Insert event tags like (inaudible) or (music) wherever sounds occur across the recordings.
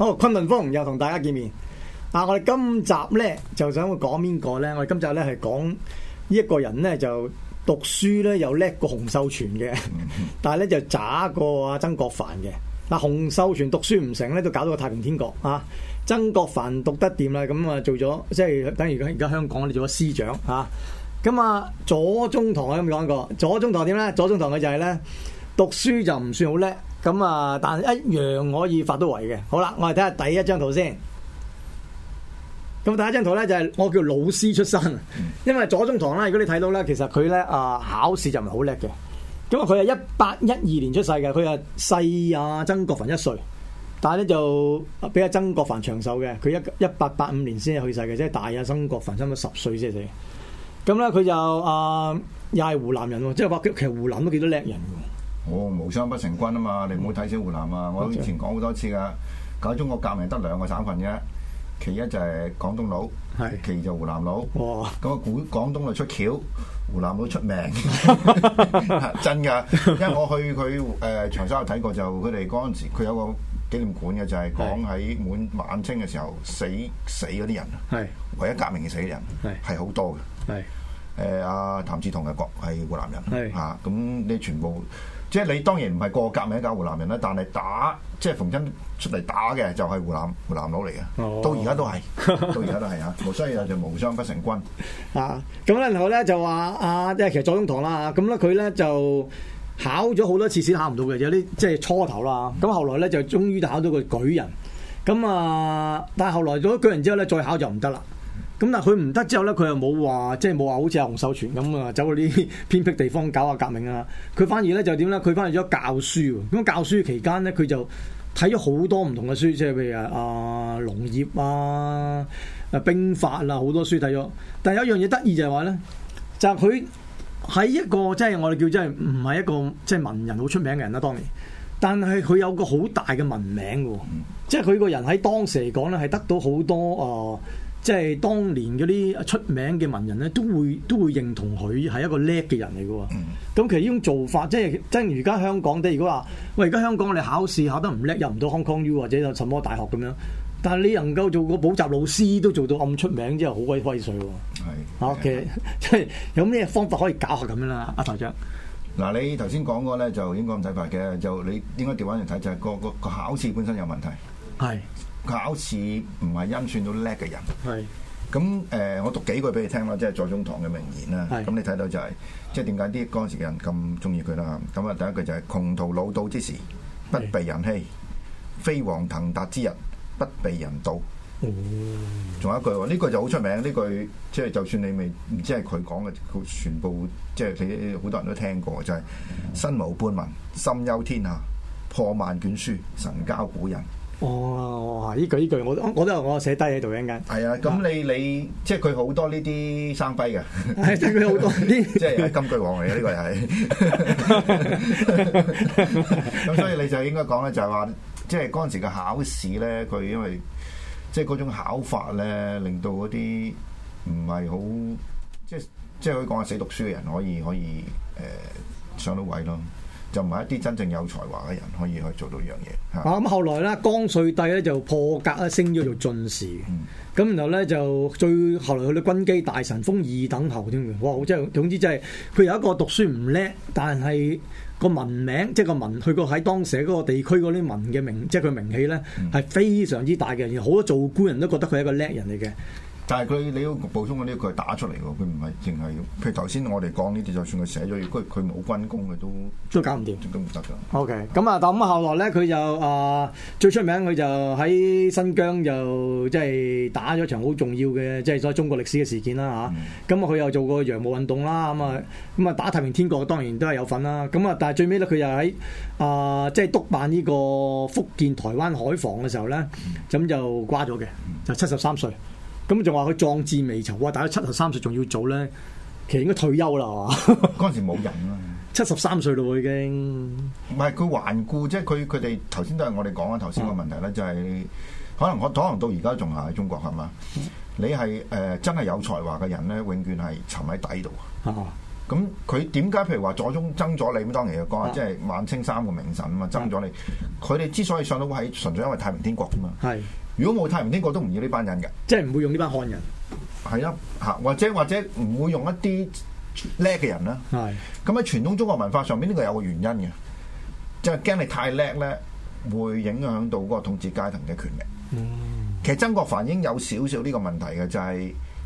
好、哦，崑崙風又同大家見面。啊，我哋今集咧就想講邊個咧？我哋今集咧係講一個人咧就讀書咧又叻過洪秀全嘅，但係咧就渣過阿曾國藩嘅。嗱、啊，洪秀全讀書唔成咧，就搞到個太平天國。啊，曾國藩讀得掂啦，咁、嗯、啊做咗即係等於而家香港，你做咗司長啊。咁啊，左宗棠我有冇講過？左宗棠點咧？左宗棠佢就係咧讀書就唔算好叻。咁啊，但係一樣可以發到圍嘅。好啦，我哋睇下第一張圖先。咁第一張圖咧就係、是、我叫老師出身，因為左宗棠咧，如果你睇到咧，其實佢咧啊考試就唔係好叻嘅。咁啊，佢係一八一二年出世嘅，佢啊細啊曾國藩一歲，但係咧就比阿曾國藩長壽嘅。佢一一八八五年先係去世嘅，即、就、係、是、大啊曾國藩差唔多十歲先死。咁咧佢就啊又係湖南人喎，即係話其實湖南都幾多叻人㗎。我無湘不成軍啊嘛！你唔好睇小湖南啊！我以前講好多次噶，搞中國革命得兩個省份啫。其一就係廣東佬，其二就湖南佬。咁啊，古廣東就出橋，湖南佬出名，真噶。因為我去佢誒長沙睇過，就佢哋嗰陣時佢有個紀念館嘅，就係講喺滿晚清嘅時候死死嗰啲人，唯一革命嘅死嘅人係好多嘅。係誒，阿譚嗣同係國係湖南人，嚇咁你全部。即係你當然唔係過革命搞湖南人啦，但係打即係逢親出嚟打嘅就係、是、湖南湖南佬嚟嘅，到而家都係，到而家都係啊！無所以就無湘不成軍啊！咁咧然後咧就話啊，即係其實左宗棠啦，咁咧佢咧就考咗好多次先考唔到嘅，有啲即係初頭啦。咁、嗯、後來咧就終於考到個舉人，咁啊，但係後來做咗舉人之後咧，再考就唔得啦。咁但係佢唔得之後咧，佢又冇話即係冇話好似阿洪秀全咁啊，走嗰啲偏僻地方搞下革命啊。佢反而咧就點咧？佢返去咗教書。咁教書期間咧，佢就睇咗好多唔同嘅書，即係譬如啊呃、農業啊、啊兵法啊，好多書睇咗。但係有一樣嘢得意就係話咧，就係佢喺一個即係、就是、我哋叫即係唔係一個即係、就是、文人好出名嘅人啦、啊。當年，但係佢有個好大嘅文名嘅，即係佢個人喺當時嚟講咧，係得到好多啊。呃即係當年嗰啲出名嘅文人咧，都會都會認同佢係一個叻嘅人嚟嘅喎。咁、嗯、其實呢種做法，即係真係而家香港，即係如果話喂而家香港我哋考試考得唔叻，入唔到 Hong Kong U 或者有什麼大學咁樣，但係你能夠做個補習老師都做到咁出名，真係好鬼威水喎。係。OK，即係有咩方法可以搞下咁樣啦，阿台長。嗱，你頭先講過咧就應該咁睇法嘅，就你應該調翻嚟睇，就係、是、個個個,個考試本身有問題。係。考試唔係音算到叻嘅人，係咁誒，我讀幾句俾你聽啦，即係左宗棠嘅名言啦。咁是你睇到就係、是、即係點解嗰陣時嘅人咁中意佢啦？咁啊第一句就係、是、窮途老道之時不被人欺，飛黃騰達之日不被人妒。仲是有一句喎，呢句就好出名。呢句即係就算你未唔知係佢講嘅，全部即係好多人都聽過，就係、是、身無半文心憂天下，破萬卷書神交古人。哦，哇！呢句呢句，我都，我都我寫低喺度一陣間。係啊，咁你你即係佢好多呢啲生輝嘅，係真好多啲，即係金句王嚟嘅呢個係。咁所以你就應該講咧，就係、是、話，即係嗰陣時嘅考試咧，佢因為即係嗰種考法咧，令到嗰啲唔係好，即係即係可以講係死讀書嘅人可以可以誒、呃、上到位咯。就唔係一啲真正有才華嘅人可以去做到呢樣嘢。啊咁後來咧，光緒帝咧就破格一升咗做進士。咁、嗯、然後咧就，最後嚟，佢啲軍機大臣封二等侯添。哇，好係，總之即、就、係、是，佢有一個讀書唔叻，但係個文名，即係個文，佢個喺當時嗰個地區嗰啲文嘅名，即係佢名氣咧係非常之大嘅。而好多做官人都覺得佢係一個叻人嚟嘅。但係佢你要補充嗰啲，佢係打出嚟喎，佢唔係淨係。譬如頭先我哋講呢啲，就算佢寫咗，如果佢冇軍功嘅都都搞唔掂，都唔得噶。OK，咁啊，咁後來咧，佢就啊最出名，佢就喺新疆就即係打咗場好重要嘅，即係所謂中國歷史嘅事件啦嚇。咁啊，佢又做過洋務運動啦，咁啊，咁啊，打太平天國，當然都係有份啦。咁啊，但係最尾咧，佢又喺啊即係督辦呢個福建台灣海防嘅時候咧，咁就瓜咗嘅，就七十三歲。咁就話佢壯志未酬啊！大係七十三歲仲要做咧，其實應該退休啦。嗰陣時冇人啦、啊，七十三歲咯已經。唔係佢頑固，即係佢佢哋頭先都係我哋講啊。頭先個問題咧、嗯、就係、是，可能我可能到而家仲係喺中國係嘛？你係誒、呃、真係有才華嘅人咧，永遠係沉喺底度。哦、嗯，咁佢點解？譬如話左宗曾左李，咁當年嘅歌，即係、嗯就是、晚清三個名臣啊嘛，曾左李。佢哋、嗯、之所以上到位，純粹因為太平天國啊嘛。係、嗯。如果冇太唔天國都唔要呢班人嘅，即係唔會用呢班漢人，係咯吓，或者或者唔會用一啲叻嘅人啦。係咁喺傳統中國文化上面呢、這個有個原因嘅，就係、是、驚你太叻咧，會影響到嗰個統治階層嘅權力。嗯，其實曾國藩已經有少少呢個問題嘅，就係、是。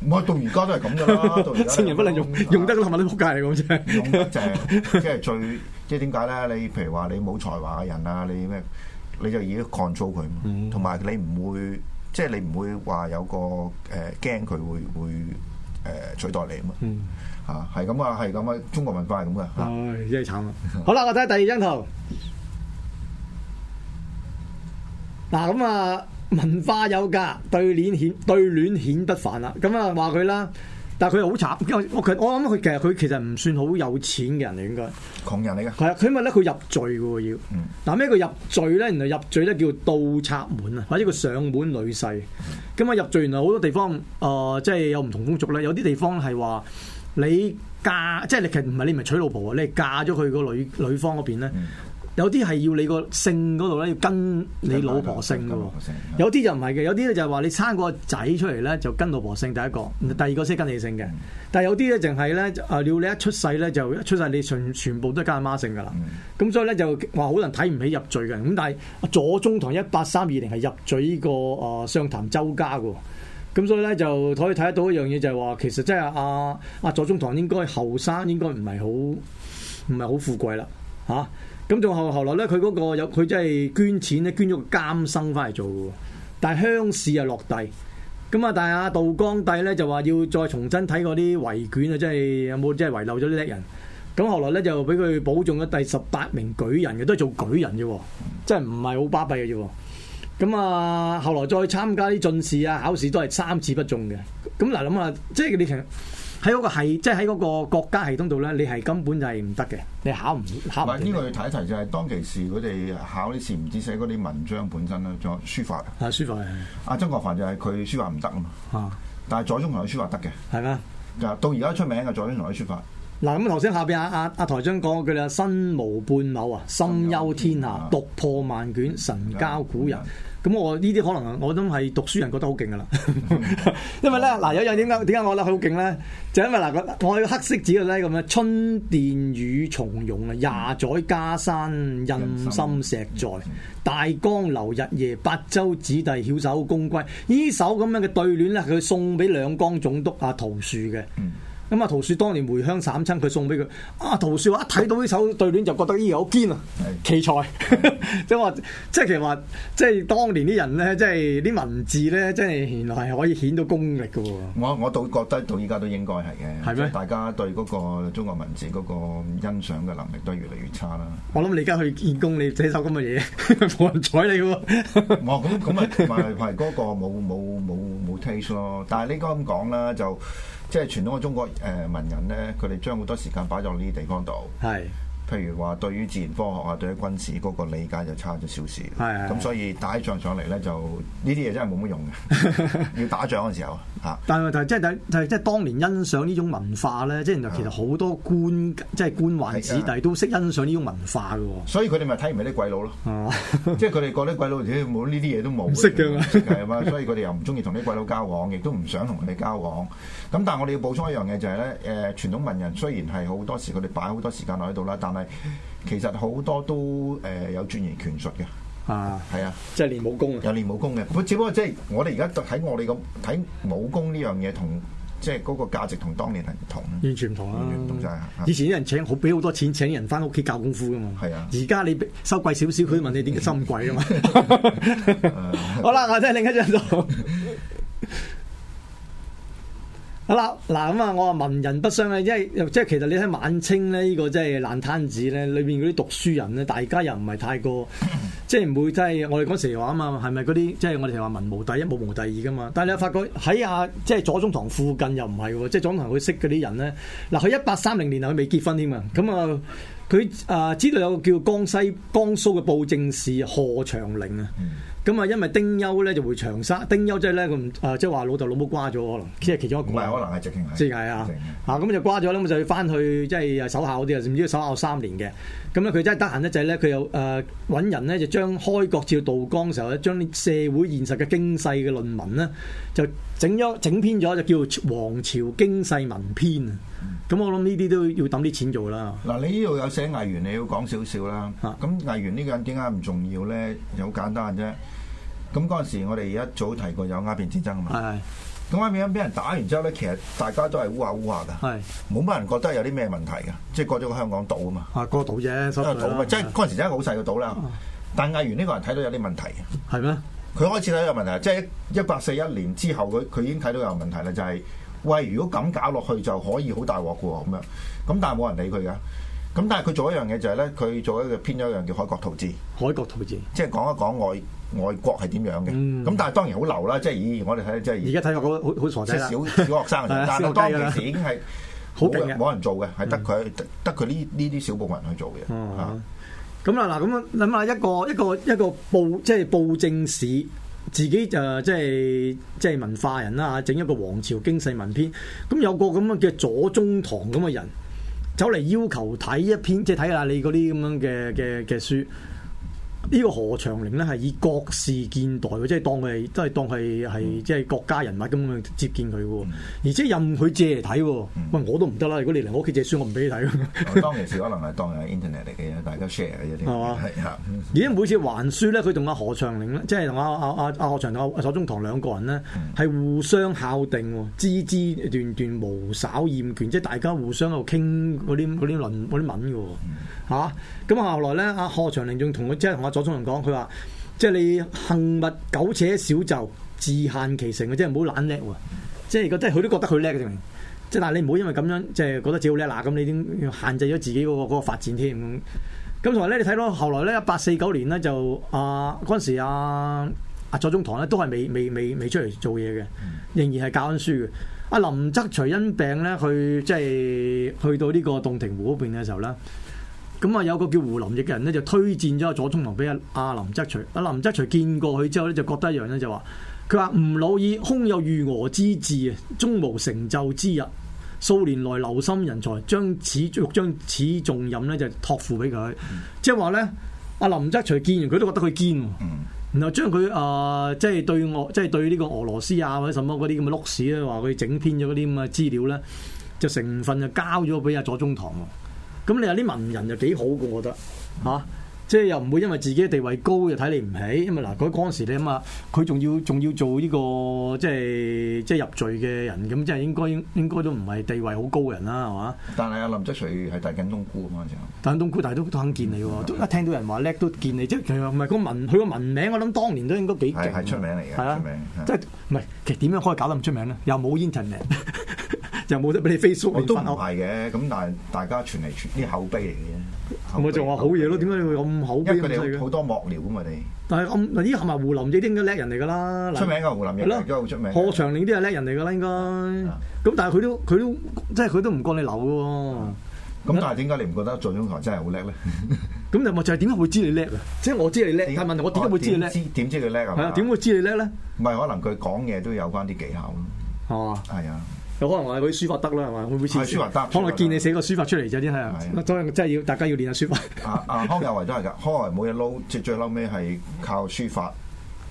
唔係， (laughs) 到而家都係咁噶啦。千 (laughs) 人不能用用得同埋你仆街嚟講啫， (laughs) 用得正就係即係最即係點解咧？你譬如話你冇才華嘅人啊，你咩你就要 control 佢同埋你唔會即係、就是、你唔會話有個誒驚佢會會誒取代你啊嘛。嚇、嗯，係咁啊，係咁啊，中國文化係咁噶。唉、 (laughs) 哎，真係慘啊！好啦，我睇下第二張圖。嗱咁啊～文化有噶，對聯顯對聯顯不凡啦。咁啊話佢啦，但係佢又好慘，因為我我諗佢其實佢其實唔算好有錢嘅人嚟，應該，窮人嚟嘅。係啊，佢、嗯、因為咧佢入贅嘅要。嗯，嗱咩佢入贅咧？原來入贅咧叫倒插門啊，或者個上門女婿。咁啊、嗯、入贅原來好多地方啊，即、呃、係、就是、有唔同風俗咧。有啲地方係話你嫁，即、就、係、是、其實唔係你唔係娶老婆啊，你嫁咗佢個女女方嗰邊咧。嗯有啲係要你個姓嗰度咧，要跟你老婆姓嘅喎。有啲就唔係嘅，有啲咧就係話你生個仔出嚟咧，就跟老婆姓第一個，第二個先跟你姓嘅。但係有啲咧，淨係咧要你一出世咧就一出世，你全全部都跟阿媽姓噶啦。咁 (laughs) 所以咧就話可能睇唔起入贅嘅。咁但係左宗棠一八三二年係入贅呢個啊湘潭周家嘅。咁所以咧就可以睇得到一樣嘢，就係話其實真係阿阿左宗棠應該後生，應該唔係好唔係好富貴啦。嚇！咁仲後後來咧，佢嗰、嗰個有佢真係捐錢咧，捐咗個監生翻嚟做嘅喎。但係鄉試又落第，咁啊，但係阿道光帝咧就話要再重新睇嗰啲遺卷啊，真係有冇即係遺漏咗啲叻人？咁後來咧就俾佢保中咗第十八名舉人嘅，都係做舉人啫，即係唔係好巴閉嘅啫。咁啊，後來再參加啲進士啊考試都係三次不中嘅。咁嗱，諗下即係嗰啲人。喺嗰個系，即係喺嗰個國家系統度咧，你係根本就係唔得嘅，你考唔考唔？唔係呢個要睇一睇就係當其時佢哋考呢次唔止寫嗰啲文章本身啦，仲有書法。啊，書法係。阿、啊、曾國藩就係佢書法唔得啊嘛。啊！但係左宗棠佢書法得嘅。係咩？就到而家出名嘅左宗棠嘅書法。嗱咁啊，頭先下邊阿阿阿台長講句啦：身無半畝啊，心憂天下；讀、啊、破萬卷，神交古人。嗯嗯。咁我呢啲可能我都係讀書人覺得好勁噶啦，因為咧呢嗱、 (laughs) 呃、有樣點解點解我覺得佢好勁咧，就係、因為嗱個、呃、我喺黑色紙嗰咧咁咧，春殿語從容啊，廿載家山印心石在，大江流日夜，八州子弟翹首公歸。首呢首咁樣嘅對聯咧，佢送俾兩江總督阿陶澍嘅。 (laughs) 咁啊！陶澍當年回鄉散親，佢送俾佢。啊！陶澍話一睇到呢首對聯就覺得咦，人好堅啊，奇才、啊。即係話，即係其實話，即係當年啲人咧，即係啲文字咧，真係原來係可以顯到功力嘅、哦。我我都覺得到依家都應該係嘅。係咩嗎？大家對嗰個中國文字嗰個欣賞嘅能力都越嚟越差啦。我諗你而家去見工，你寫首咁嘅嘢，冇人睬你、啊 (laughs) ああ。我咁咁啊，係嗰、那個冇冇冇冇 taste 咯。但係應該咁講啦，就是。即係傳統嘅中國誒文人咧，佢哋將好多時間擺喺呢啲地方度。係。譬如話對於自然科學啊，對於軍事嗰個理解就差咗少少，咁的所以打仗上嚟咧，就呢啲嘢真係冇乜用嘅。 (laughs) 要打仗嗰陣時候，嚇但。啊、但係就即、是、係就係即係當年欣賞呢種文化咧，即係的其實好多官即係、就是、官宦子弟都識欣賞呢種文化嘅喎。的所以佢哋咪睇唔起啲鬼佬咯。即係佢哋覺得鬼佬點解冇呢啲嘢都冇？唔識㗎嘛，所以佢哋又唔中意同啲鬼佬交往，亦都唔想同佢哋交往。咁但係我哋要補充一樣嘢就係、是、咧，誒傳統文人雖然係好多時佢哋擺好多時間落喺度啦，但係。其實好多都誒有鑽研拳術嘅啊，係啊，即係練武功、啊，有練武功嘅。不只不過即係我哋而家睇我哋咁睇武功呢樣嘢，同即係嗰個價值同當年係唔同，完全唔同啦、啊。完全唔同啊、以前啲人請好俾好多錢請人翻屋企教功夫噶嘛，係啊。而家你收貴少少，佢問你點解咁貴噶嘛？好啦，我哋睇另一張圖。 (laughs) 好啦，嗱咁啊，我話文人不相愛，因為即係其實你睇晚清咧，依、這個即係爛攤子咧，裏邊嗰啲讀書人咧，大家又唔係太過，即係唔會是是即係我哋嗰時話啊嘛，係咪嗰啲即係我哋話文無第一，武無，無第二噶嘛？但係你又發覺喺啊，即係左宗棠附近又唔係喎，即係左宗棠佢識嗰啲人咧，嗱佢一八三零年佢未結婚添啊，咁啊，佢啊知道有個叫江西江蘇嘅布政使賀長齡咧。咁啊，因為丁憂咧就回長沙，丁憂即係咧，咁啊，即係話老豆老母瓜咗可能，即係其中一個。唔係，可能係直情係。即係啊，啊咁就瓜咗啦，咁就要翻去，即係又守孝啲啊，唔知要守孝三年嘅。咁咧佢真係得閒一就係咧，佢又誒揾人咧，就將開國照道光嘅時候咧，將啲社會現實嘅經濟嘅論文咧就整咗整編咗就叫做「皇朝經世文編」。啊！咁我諗呢啲都要揼啲錢做啦。嗱、嗯、你呢度有寫藝員你要講少少啦。咁藝員呢個人點解唔重要咧？好簡單啫。咁嗰陣時我哋一早提過有鴉片戰爭啊嘛。是是是。咁啱啱俾人打完之後咧，其實大家都係烏下烏下噶，冇乜是人覺得有啲咩問題嘅，即係過咗個香港島啊嘛。啊，過島啫，島的即係嗰陣時真係好細個島啦。但係嗌完呢個人睇到有啲問題嘅，係咩嗎？佢開始睇到有問題，即係一八四一年之後，佢佢已經睇到有問題啦，就係、是、喂，如果咁搞落去就可以好大鑊喎咁樣。咁但係冇人理佢㗎。咁但係佢做一樣嘢就係咧，佢做一個編咗一樣叫海國圖志，海國圖志即係講一講外外國係點樣嘅。咁、嗯、但係當然好流啦，即係咦，我哋睇即係而家睇個好好傻仔啦，小小學生嚟嘅。 (laughs) 但係當其時已經係好勁嘅，冇人做嘅，係得佢得得佢呢呢啲小部分人去做嘅。哦、嗯，咁啊嗱，咁諗下一個一個一個,一個布即係、就是、布政使，自己就、呃、即係即係文化人啦，整一個皇朝經世文編。咁有個咁嘅左宗棠咁嘅人。走嚟要求睇一篇，即係睇下你嗰啲咁樣嘅嘅嘅書。呢個賀長齡咧係以國士見待喎，即係當係都係當係係即係國家人物咁樣接見佢嘅，嗯、而且任佢借嚟睇喎。喂、嗯、我都唔得啦！如果你嚟我屋企借書，我唔俾你睇。當其時可能係當係 internet 嚟嘅，大家 share 嘅啫。係嘛吧？係而家每次還書咧，佢同阿賀長齡咧，即係同阿阿阿賀長、阿左中堂兩個人咧，係、嗯、互相考訂，枝枝段段無稍厭倦，即係大家互相喺度傾嗰啲啲論嗰啲文嘅。嚇、嗯！咁、啊、後來咧，阿賀長齡仲同佢即係同阿。左宗棠講：佢話，即係你幸勿苟且小就自限其成嘅，即係唔好懶叻喎。即係如果真係佢都覺得佢叻嘅，證明。即係但係你唔好因為咁樣即係覺得自己好叻，嗱咁你點限制咗自己嗰、嗰個嗰、嗰個、發展添？咁、嗯嗯、同埋咧，你睇到後來咧，一八四九年咧，就阿嗰陣時阿、啊、左宗棠咧都係未未未未出嚟做嘢嘅，仍然係教緊書嘅。阿林則徐因病咧去即係去到呢個洞庭湖嗰邊嘅時候啦。咁啊，有個叫胡林翼嘅人咧，就推薦咗左宗棠俾阿阿林則徐。阿林則徐見過佢之後咧，就覺得一樣咧，就話：佢話吾老矣，空有御俄之志啊，終無成就之日。數年來留心人才，將此將此重任咧，就託付俾佢。嗯、即係話咧，阿林則徐見完佢都覺得佢堅。嗯。然後將佢啊，即、呃、係、就是、對俄，即、就、係、是、對呢個俄羅斯啊或者什麼嗰啲咁嘅碌屎，咧，話佢整編咗嗰啲咁嘅資料咧，就成分就交咗俾阿左宗棠。咁你話啲文人又幾好嘅，我覺得嚇、啊，即係又唔會因為自己地位高又睇你唔起，因為嗱嗰嗰陣時你吖嘛，佢仲要仲要做呢、呢個即係即係入罪嘅人，咁即係應該應應該都唔係地位好高嘅人啦，係嘛？但係阿林則徐係大緊冬菇咁嘅就，大冬菇大都肯見你喎，嗯、都、嗯、一聽到人話叻都見你，即係其實唔係個文佢個文名，我諗當年都應該幾勁，係係出名嚟嘅，係啊，即係唔係其實點樣可以搞得咁出名咧？又冇 internet。 (laughs) 又冇得俾你 Facebook，都唔係嘅。咁但係大家傳嚟傳啲口碑嚟嘅。咪就話好嘢咯，點解你會咁好？因為佢好多幕僚啊我哋。但係呢嗱，依係埋胡林翼啲應該叻人嚟噶啦。出名噶胡林翼應該好出名。賀長齡啲係叻人嚟噶啦，應該。咁但係佢都佢都即係佢都唔過你流嘅。咁但係點解你唔覺得左宗棠真係好叻咧？咁又咪就係點解會知你叻？即係我知你叻。點解問題？我點解會知你叻？點知佢叻係嘛？點會知你叻咧？唔係可能佢講嘢都有關啲技巧咯。哦，係啊。有可能話佢書法得啦，係嘛？會唔會書法得？可能見你寫個書法出嚟就啲係啊！所以真係要大家要練下書法。啊啊、康有為都係噶，康有為冇嘢撈，最最嬲尾係靠書法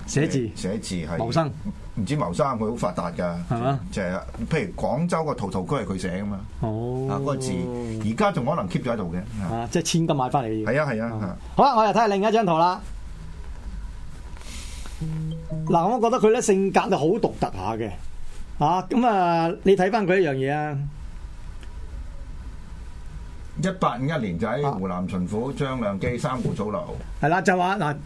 寫字，寫字係謀生。唔知謀生佢好發達㗎，啊、就係、係、譬如廣州個陶陶居係佢寫㗎嘛。哦，嗰個字而家仲可能 keep 咗喺度嘅。即係、啊啊就係、千金買翻嚟嘅，係啊係啊。好啦，我又睇下另一張圖啦。嗱，我覺得佢咧性格就好獨特下嘅。啊，咁、嗯、啊，你睇翻佢一樣嘢啊！一八五一年就喺湖南巡撫張亮基三顧草廬，係啦、啊，就話、是、嗱，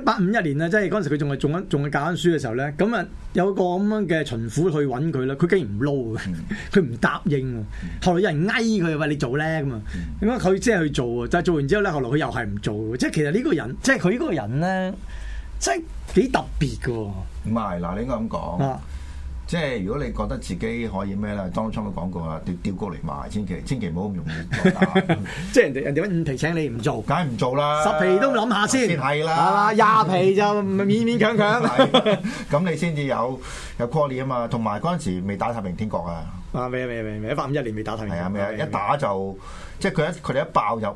一八五一年啊，即係嗰陣時佢仲係仲喺仲係教緊書嘅時候咧，咁啊有個咁樣嘅巡撫去揾佢啦，佢竟然唔撈，佢唔答應。後來有人嗌佢話：你做咧咁啊，咁啊佢先去做啊，但、就、係、是、做完之後咧，後來佢又係唔做嘅。即係其實呢個人，即係佢呢個人咧，即係幾特別嘅。唔係嗱，你應該咁講。啊即係如果你覺得自己可以咩啦，當初我都講過啦，吊吊高嚟賣，千祈千祈唔好咁容易。即係人哋人哋五皮請你唔做，梗係唔做啦。十皮都諗下先，係啦，廿皮就勉勉強強。咁、嗯、你先至有有 call 啊嘛，同埋嗰陣時未打太平天國啊。啊未啊未啊未一百五一年未打太平。係啊，未啊，未啊，一打就即係佢一佢哋一爆就。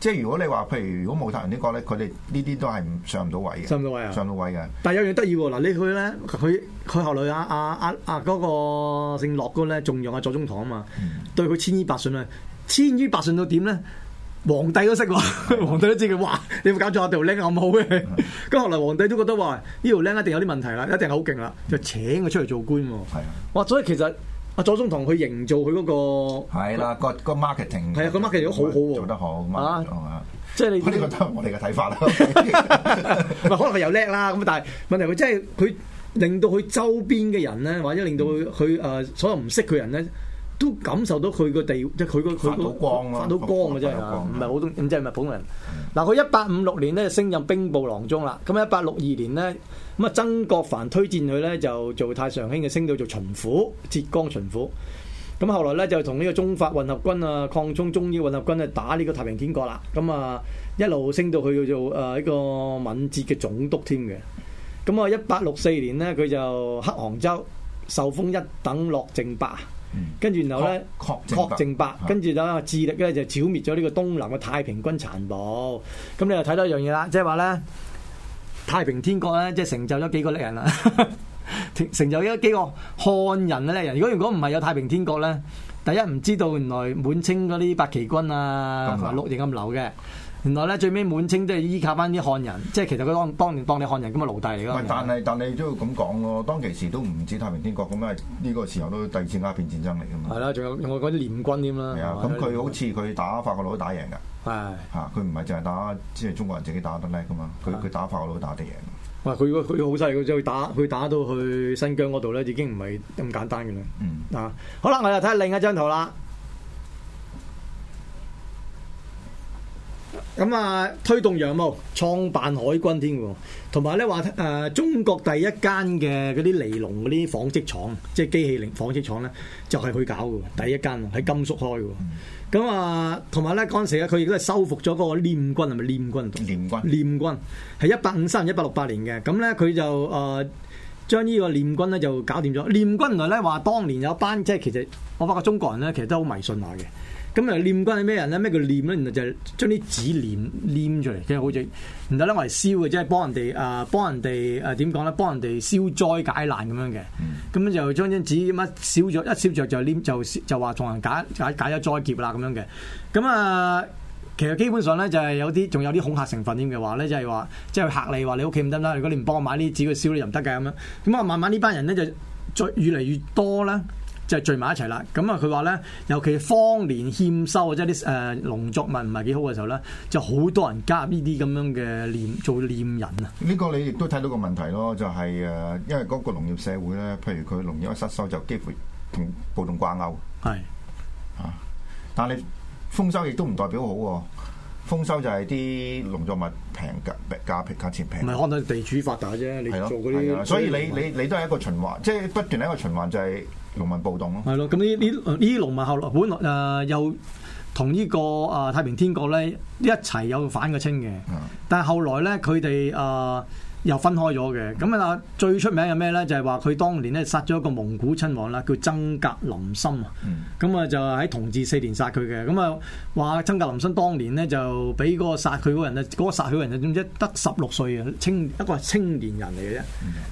即係如果你話，譬如如果武則人呢講咧，佢哋呢啲都係唔上唔到位嘅。上唔到位啊？上到位嘅。但係有樣得意喎，嗱，呢佢咧，佢佢後來啊，啊，阿阿嗰個姓駱嗰個咧，重用阿左宗棠啊嘛，對佢千依百順啊，千依百順到點咧，皇帝都識，皇帝都知佢，哇！你搞左阿條僆咁好嘅，咁後來皇帝都覺得話，呢條僆一定有啲問題啦，一定好勁啦，就請佢出嚟做官。係啊。哇，所以其實。阿左宗棠，佢營造佢嗰個的，係啦麼，個個 marketing 係啊，個 marketing 都好好喎，做得好啊，即係你，我哋覺得我哋嘅睇法啦，可能佢又叻啦，咁但係問題佢真係佢令到佢周邊嘅人咧，或者令到佢佢誒所有唔識佢人咧。都感受到佢個地即係佢個佢發到光啊！發到光嘅真係啊，唔係好唔即係唔係普通人嗱。佢一八五六年咧升任兵部郎中啦。咁一八六二年呢，咁啊曾國藩推薦佢呢，就做太常卿嘅，升到做巡撫，浙江巡撫。咁後來呢，就同呢個中法混合軍啊擴充中英混合軍啊打呢個太平天國啦。咁啊一路升到佢叫做誒一個閩浙嘅總督添嘅。咁啊一八六四年呢，佢就克杭州，受封一等恪靖伯。跟住、嗯、然後咧，郭郭靖白，跟住咁啊，智對 力咧，就剿滅咗呢個東南嘅太平軍殘部。咁你又睇到一樣嘢啦，即係話咧，太平天國咧，即係成就咗幾個叻人啦， (laughs) 成就咗幾個漢人嘅叻人。如果如果唔係有太平天國咧，第一唔知道原來滿清嗰啲八旗軍啊，流六爺咁流嘅。原來咧最尾滿清都係依靠翻啲漢人，即係其實佢當年當你漢人咁嘅奴隸嚟咯。唔係，但係但係都要咁講咯。當其時都唔止太平天國咁啊！呢個時候都第二次鴉片戰爭嚟㗎嘛。係啦，仲有我嗰啲聯軍添啦。係的啊，咁佢好似佢打法國佬都打贏㗎。係嚇的，佢唔係淨係打即係中國人自己打得叻㗎嘛？佢佢打法國佬都打得贏。哇！佢佢好犀利，佢打佢打到去新疆嗰度咧，已經唔係咁簡單嘅啦。嗯。啊！好啦，我又睇下另一張圖啦。咁啊，推動洋務，創辦海軍添喎，同埋咧話誒中國第一間嘅嗰啲尼龍嗰啲紡織廠，即係機器零紡織廠咧，就係佢搞嘅，第一間喺甘肅開嘅。咁啊、嗯，同埋咧嗰陣時咧，佢亦都係收復咗嗰個捻軍，係咪捻軍？捻軍，捻軍係一八五三一八六八年嘅。咁咧，佢就誒將呢個捻軍咧就搞掂咗。捻軍原來咧話，當年有班即係其實我發覺中國人咧其實都好迷信下嘅。咁啊，捻軍係咩人咧？咩叫捻咧？原來就係將啲紙黏黏出嚟，即係好似，然後咧我嚟燒嘅，即係幫人哋啊，幫人哋啊點講咧？幫人哋消災解難咁樣嘅。咁就將張紙一燒咗，一燒著就黏就就話同人解解解咗災劫啦咁樣嘅。咁啊，其實基本上咧就係有啲，仲有啲恐嚇成分添嘅話咧，就係話即係嚇你話你屋企唔得啦，如果你唔幫我買啲紙佢燒你又唔得嘅咁樣。咁啊，慢慢呢班人咧就再越嚟越多啦。就聚埋一齊啦，咁啊佢話咧，尤其係荒年欠收啊，即係啲誒農作物唔係幾好嘅時候咧，就好多人加入呢啲咁樣嘅念做念人啊。呢個你亦都睇到個問題咯，就係、是、誒，因為嗰個農業社會咧，譬如佢農業一失收就幾乎同暴動掛鈎。係啊是，但係豐收亦都唔代表好，豐收就係啲農作物平價價平價錢平。唔係可能地主發達啫，你做、啊、些所以你你你都係一個循環，即、就、係、是、不斷喺一個循環就係、是。農民暴動咯，係咯，咁呢呢呢啲農民後來本來誒又同呢個啊太平天國咧一齊有反過清嘅，但係後來咧佢哋誒。嗯嗯嗯嗯嗯嗯嗯又分開咗嘅，咁啊最出名係咩咧？就係話佢當年咧殺咗一個蒙古親王啦，叫僧格林沁啊。咁啊、嗯嗯、就喺同治四年殺佢嘅，咁啊話僧格林沁當年咧就俾嗰個殺佢嗰人啊，嗰、嗰個殺佢人啊點啫？得十六歲啊，青一個係青年人嚟嘅啫。咁啊、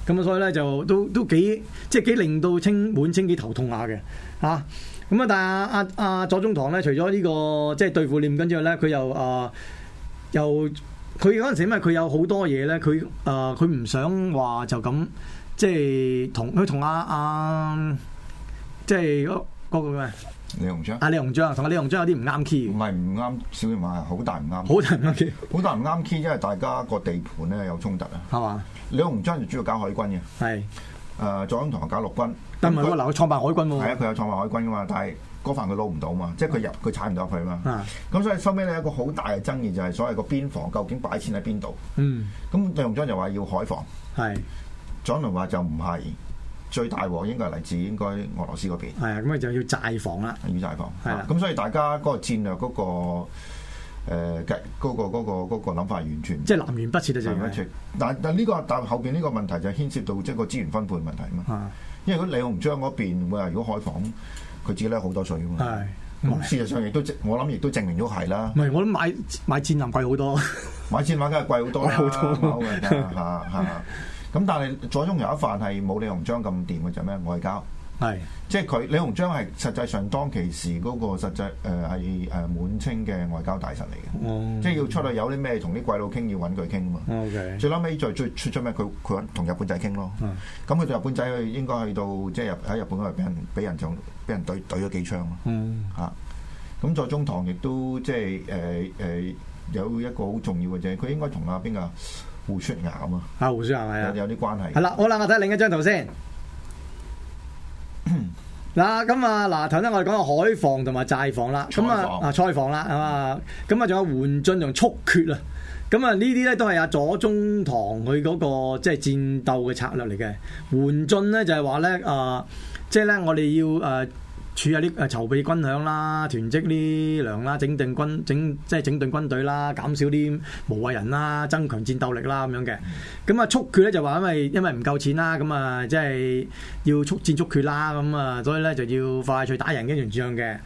嗯嗯、所以咧就都都幾即係幾令到清滿清幾頭痛下嘅嚇。咁啊但係阿阿左宗棠咧，除咗呢、呢個即係對付念唸之外咧，佢又啊又。呃又又呃又佢嗰陣時，因為佢有好多嘢咧，佢誒，佢唔想話就咁，即係同佢同阿、啊、阿、啊，即係嗰嗰個咩、啊？李鴻章，阿李鴻章同阿李鴻章有啲唔啱 key，唔係唔啱，少少好大唔啱，好 (laughs) 大唔啱 key，好大唔啱 key，因為大家個地盤咧有衝突啊，係嘛吧？李鴻章就主要搞海軍嘅，係誒左宗棠搞陸軍，但係佢嗱佢創辦海軍，係啊、嗯，佢有創辦海軍噶嘛，但係。嗰份佢撈唔到嘛，即係佢入佢踩唔到佢嘛。咁、啊、所以收尾呢，一個好大嘅爭議就係所謂個邊防究竟擺錢喺邊度？咁李鴻章就話要海防，蔣龍是話就唔係最大鑊，應該係嚟自應該俄羅斯嗰邊。啊，咁啊就要寨防啦，要寨防。係咁的的、啊、所以大家嗰個戰略嗰、那個誒計，嗰、呃那個、那個、那個諗、那個、法完全即係南轅北轍啊！就係咩？但但、這、呢個但後邊呢個問題就牽涉到即係個資源分配問題啊。因為那邊那邊如李鴻章嗰邊會話如果海防。佢自己咧好多水噶嘛，的事實上亦都是我諗亦都證明咗係啦。唔係，我諗買買戰艦貴好多，買戰艦梗係貴好多好啦，咁 (laughs) 但係左中有一份係冇李鴻章咁掂嘅就咩外交。係，即係佢李鴻章係實際上當其時嗰個實際誒係誒滿清嘅外交大臣嚟嘅，即係要出嚟有啲咩同啲鬼佬傾，要搵佢傾嘛。最後尾，再最出咗咩？佢佢同日本仔傾咯。咁佢同日本仔去應該去到即係喺日本嗰度俾人俾人撞，俾人懟懟咗幾槍吓，咁在中堂亦都即係誒誒有一個好重要嘅，即係佢應該同阿邊個胡雪巖啊。阿胡雪巖係啊，有啲關係。係啦，好啦，我睇另一張圖先。嗱，咁啊，嗱， (noise) 頭先我哋講啊，海防同埋塞防啦，咁啊防，啊、嗯，塞防啦，啊，咁啊，仲有緩進同速決啊，咁啊，呢啲咧都係阿左宗棠佢嗰個即係戰鬥嘅策略嚟嘅，緩進咧就係話咧啊，即係咧我哋要誒。呃處理啲誒籌備軍餉啦、囤積啲糧啦、整定軍整即係整頓軍隊啦、減少啲無謂人啦、增強戰鬥力啦咁樣嘅。咁啊、嗯，速決咧就話，因為因為唔夠錢啦，咁啊即係要速戰速決啦，咁啊所以咧就要快速打贏一場仗嘅。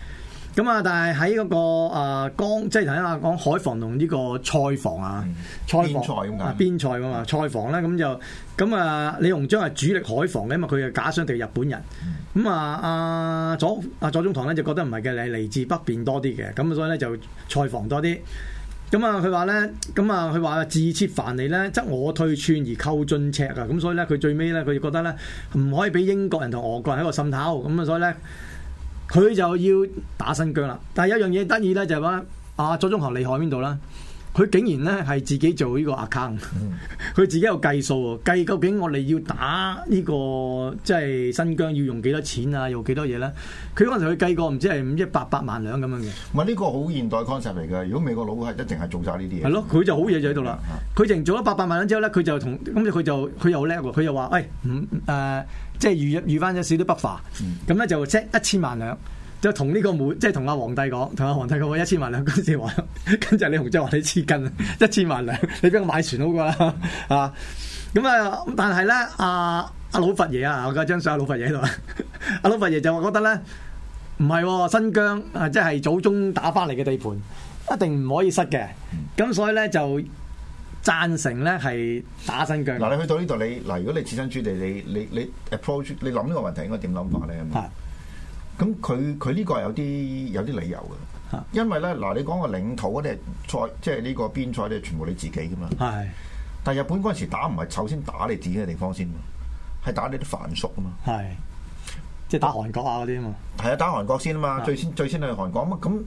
咁啊！但係喺嗰個江，即係頭先啊講海防同呢個塞防啊，塞防邊塞咁解？邊塞噶嘛？塞防咧咁就咁啊、嗯！李鴻章係主力海防嘅，因為佢係假想敵日本人。咁、嗯嗯嗯、啊啊左啊左宗棠咧就覺得唔係嘅，你係嚟自北邊多啲嘅。咁所以咧就塞防多啲。咁、嗯、啊佢話咧，咁啊佢話自撤藩籬咧，則我退寸而寇進尺啊！咁所以咧，佢最尾咧，佢就覺得咧唔可以俾英國人同俄國人喺個滲透。咁啊，所以咧。佢就要打新疆啦，但係有一樣嘢得意咧，就係話啊，左宗棠厲害邊度啦？佢竟然咧係自己做呢個 account，佢、嗯、 (laughs) 自己有計數喎，計究竟我哋要打呢、呢個即係新疆要用幾多錢啊，用幾多嘢咧？佢嗰陣時佢計過唔知係五億八百萬兩咁樣嘅、嗯。唔係呢個好現代 concept 嚟嘅，如果美國佬係一定係做晒呢啲嘢。係咯，佢就好嘢就喺度啦。佢、嗯、淨做咗八百萬兩之後咧，佢就同咁、嗯、就佢就佢又好叻喎，佢又話誒唔誒。即係預入預翻咗少啲筆花，咁咧就即一千萬兩，就同呢、呢個即係同阿皇帝講，同阿皇帝講話一千萬兩。跟住話，跟住李鴻章話你黐筋啊！一千萬兩，你俾我買船好過啦啊！咁 (laughs) 啊，但係咧，阿、啊、阿老佛爺啊，我嘅張相阿老佛爺喺度啊，阿老佛爺就覺得咧，唔係、哦、新疆啊，即係祖宗打翻嚟嘅地盤，一定唔可以失嘅。咁所以咧就。贊成咧係打新疆。嗱，你去到呢度，你嗱，如果你置身處地，你你你 approach，你諗呢個問題應該點諗法咧？咁佢佢呢個係有啲有啲理由嘅，的因為咧嗱，你講個領土嗰啲塞，即係呢個邊塞咧，就是塞就是、全部你自己噶嘛。係的。但日本嗰陣時打唔係首先打你自己嘅地方先嘛，係打你啲藩屬啊嘛。係。即係打韓國啊嗰啲啊嘛。係啊，打韓國先啊嘛，的最先最先去韓國啊嘛。咁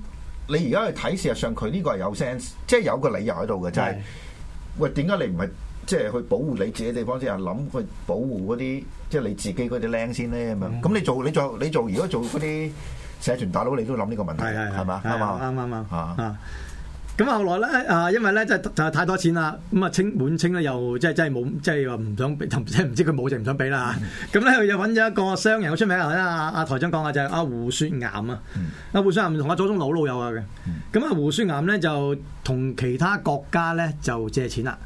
你而家去睇事實上，佢呢個係有 sense，即係有個理由喺度嘅，就係、是。就是喂，點解你唔係即係去保護你自己地方先啊？諗去保護嗰啲即係你自己嗰啲靚先咧咁樣。咁、嗯、你做你做你做，如果做嗰啲社團大佬，你都諗呢個問題係咪啊？啱啱啱啊！咁後來咧，啊，因為咧即係就係太多錢啦，咁啊清滿清咧又即係真係冇即係話唔想俾即係唔知佢冇就唔想俾啦。咁咧，佢就揾咗一個商人好出名啊！阿阿台長講下就係、是、阿胡雪岩啊，阿、嗯、胡雪岩同阿祖宗老老友啊嘅。咁阿、嗯、胡雪岩咧就同其他國家咧就借錢啦。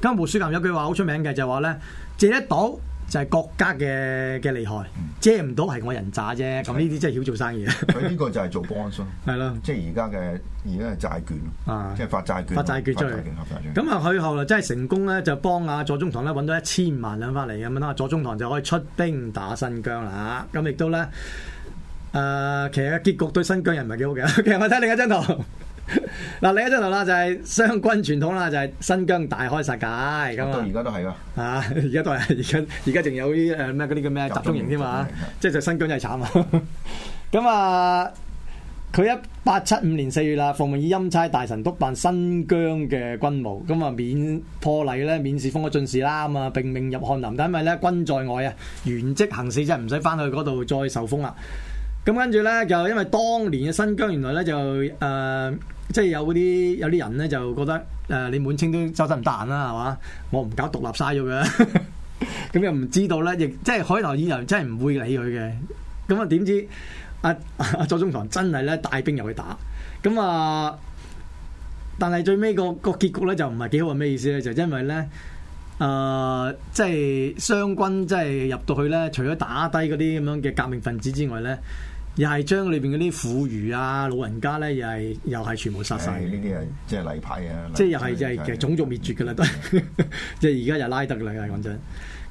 咁、嗯、胡雪岩有句話好出名嘅就係話咧借得到。就係國家嘅嘅利害，遮唔到係我人渣啫。咁呢啲真係曉做生意。佢呢、嗯、 (laughs) 個就係做 bonds 即係而家嘅而家係債券，即係發債券。發債券出嚟。咁啊，佢後來真係成功咧，就幫阿左宗棠咧揾到一千萬兩翻嚟咁樣啦。左宗棠就可以出兵打新疆啦嚇。咁亦都咧，誒、呃，其實結局對新疆人唔係幾好嘅。 (laughs) 其實我睇另一張圖。嗱，另一張圖啦，就係湘軍傳統啦，就係新疆大開殺戒咁啊！而家都係噶，呃、啊，而家都係，而家而家仲有啲誒咩？啲叫咩？集中營添嘛？即係就新疆真係慘啊！咁啊、嗯，佢一八七五年四月啦，奉命以欽差大臣督辦新疆嘅軍務，咁啊免破例咧，免試封個進士啦，咁啊，並命入翰林。但係因為咧，軍在外啊，原職行事，即係唔使翻去嗰度再受封啦。咁跟住咧，就因為當年嘅新疆原來咧就誒、呃，即係有啲有啲人咧就覺得誒、呃，你滿清都收得唔得閒啦，係嘛？我唔搞獨立晒咗嘅。咁又唔知道咧，亦即係海拉以又真係唔會理佢嘅。咁、嗯、啊，點知阿阿左宗棠真係咧帶兵入去打。咁、嗯、啊，但係最尾、嗰個、嗰個結局咧就唔係幾好，係咩意思咧？就係、因為咧，誒、呃，即係湘軍即係入到去咧，除咗打低嗰啲咁樣嘅革命分子之外咧。又係將裏邊嗰啲婦孺啊、老人家咧，又係又係全部殺晒，呢啲啊，即係例牌啊。即係又係即係嘅種族滅絕嘅啦，都即係而家又拉得啦，講真。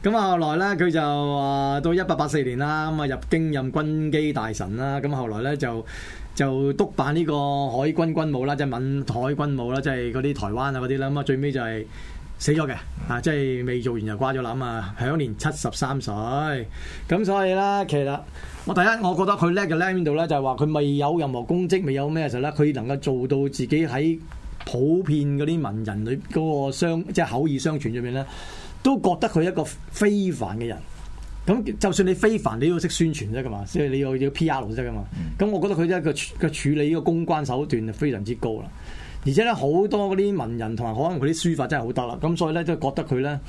咁啊，後來咧，佢就啊，到一八八四年啦，咁啊入京任軍機大臣啦。咁後來咧就就督辦呢個海軍軍務啦，即、就、係、是、閩海軍軍務啦，即係嗰啲台灣啊嗰啲啦。咁啊，最尾就係、是。死咗嘅，啊，即係未做完就瓜咗喇啊，享年七十三歲。咁所以咧，其實我第一，我覺得佢叻嘅叻喺邊度咧，就係話佢未有任何功績，未有咩時候咧，佢能夠做到自己喺普遍嗰啲文人裏嗰個相，即係口耳相傳入面咧，都覺得佢一個非凡嘅人。咁就算你非凡，你都要識宣傳啫㗎嘛，所以你要要 PR 得㗎嘛。咁我覺得佢一個個處理呢個公關手段就非常之高啦。.而且咧，好多嗰啲文人，同埋可能佢啲書法真係好得啦，咁所以咧都覺得佢咧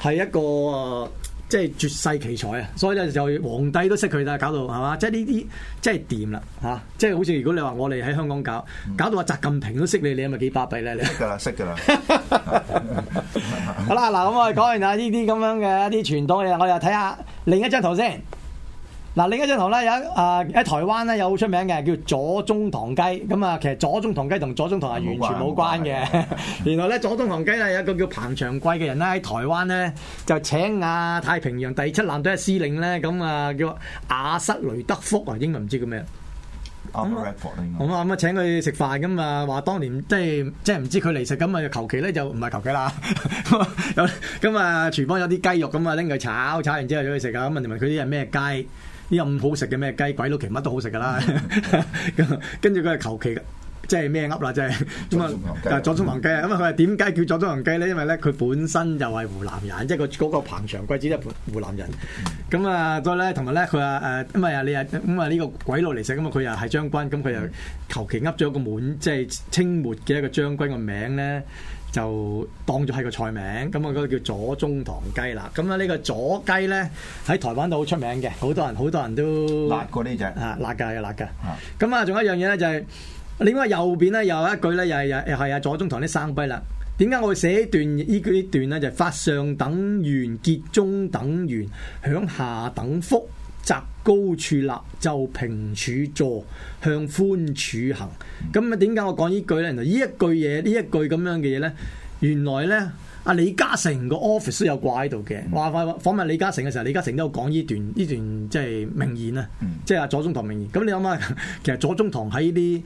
係一個即係絕世奇才啊！所以咧就皇帝都識佢啦，搞到係嘛？即係呢啲真係掂啦嚇！即係好似如果你話我哋喺香港搞，搞到阿習近平都識你，你係咪幾巴閉咧？你識噶啦，識噶啦！ (laughs) (laughs) 好啦，嗱，咁我哋講完啊呢啲咁樣嘅一啲傳統嘢，我又睇下另一張圖先。嗱另一隻糖咧，有啊喺台灣咧有好出名嘅叫左宗棠雞，咁啊其實左宗棠雞同左宗棠係完全冇關嘅。 (laughs) 然後咧左宗棠雞咧有一個叫彭長貴嘅人咧喺台灣咧就請亞太平洋第七艦隊司令咧咁啊叫亞瑟雷德福啊英文唔知叫咩，阿咁啊咁啊請佢食飯咁啊話當年即係即係唔知佢嚟食咁啊求其咧就唔係求其啦。咁啊 (laughs) 廚房有啲雞肉咁啊拎佢炒炒完之後就去食啊咁問問佢啲係咩雞？呢又咁好食嘅咩雞？鬼佬其乜都好食噶啦，咁 (laughs) 跟住佢係求其即係咩噏啦，即係啊左宗棠雞啊！咁啊佢點解叫左宗棠雞咧？因為咧佢本身就係湖南人，即係個嗰個彭長貴都係湖南人。咁啊、嗯，再以咧同埋咧佢話誒，因為啊你啊，咁啊呢個鬼佬嚟食，咁啊佢又係將軍，咁佢又求其噏咗個滿即係、就是、清末嘅一個將軍個名咧。就當咗係個菜名，咁啊嗰個叫左中堂雞啦。咁啊呢個左雞咧，喺台灣都好出名嘅，好多人好多人都辣過呢隻啊辣㗎，係辣㗎。咁啊仲有一樣嘢咧，就係你見右邊咧又一句咧，又係又又係啊左中堂啲生雞啦。點解我會寫段依句呢段咧？就是、發上等緣，結中等緣，享下等福。擇高處立，就平處坐，向寬處行。咁啊，點解我講呢句咧？呢一句嘢，呢一句咁樣嘅嘢咧，原來咧，阿李嘉誠個 office 都有掛喺度嘅。話訪訪問李嘉誠嘅時候，李嘉誠都有講呢段呢段即係名言啊，即係阿左宗棠名言。咁、嗯、你諗下，其實左宗棠喺呢啲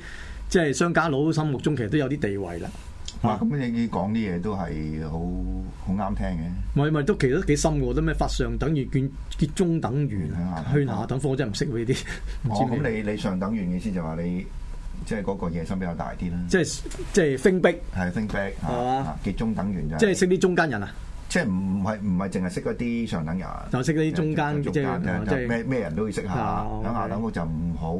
即係商家佬心目中，其實都有啲地位啦。哇！咁你講啲嘢都係好好啱聽嘅。唔係唔係，都其實都幾深嘅喎，都咩發上等願，結中等緣，享下等福，真係唔識呢啲。哦，咁你你上等願嘅意思就話你，即係嗰個野心比較大啲啦。即係即係升逼。係升逼。係啊。結中等緣就，即係識啲中間人啊！即係唔唔係唔係淨係識嗰啲上等人，就識嗰啲中間，即係咩咩人都要識下。喺下等屋就唔好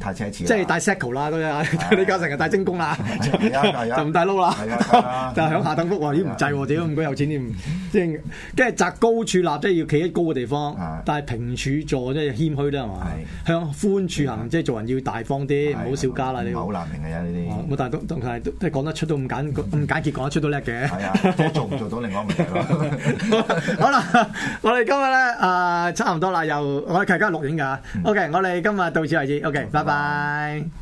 太奢侈。即係帶 s e 啦，都有。你而家成日帶精工啦，就唔帶撈啦。就喺下等屋話咦，唔濟喎，屌唔該有錢啲唔即係。跟住擇高處立，即係要企喺高嘅地方。但係平處坐即係謙虛啫，係嘛？向寬處行，即係做人要大方啲，唔好小家啦。呢個好難明嘅嘢，呢啲。但係都同係都即係講得出都唔簡咁簡潔，講得出都叻嘅。係啊，做唔做到另外一個 (laughs) 好啦，我哋今日咧啊，差唔多啦，又我哋期家錄影㗎、嗯、，OK，我哋今日到此為止，OK，拜拜。拜拜。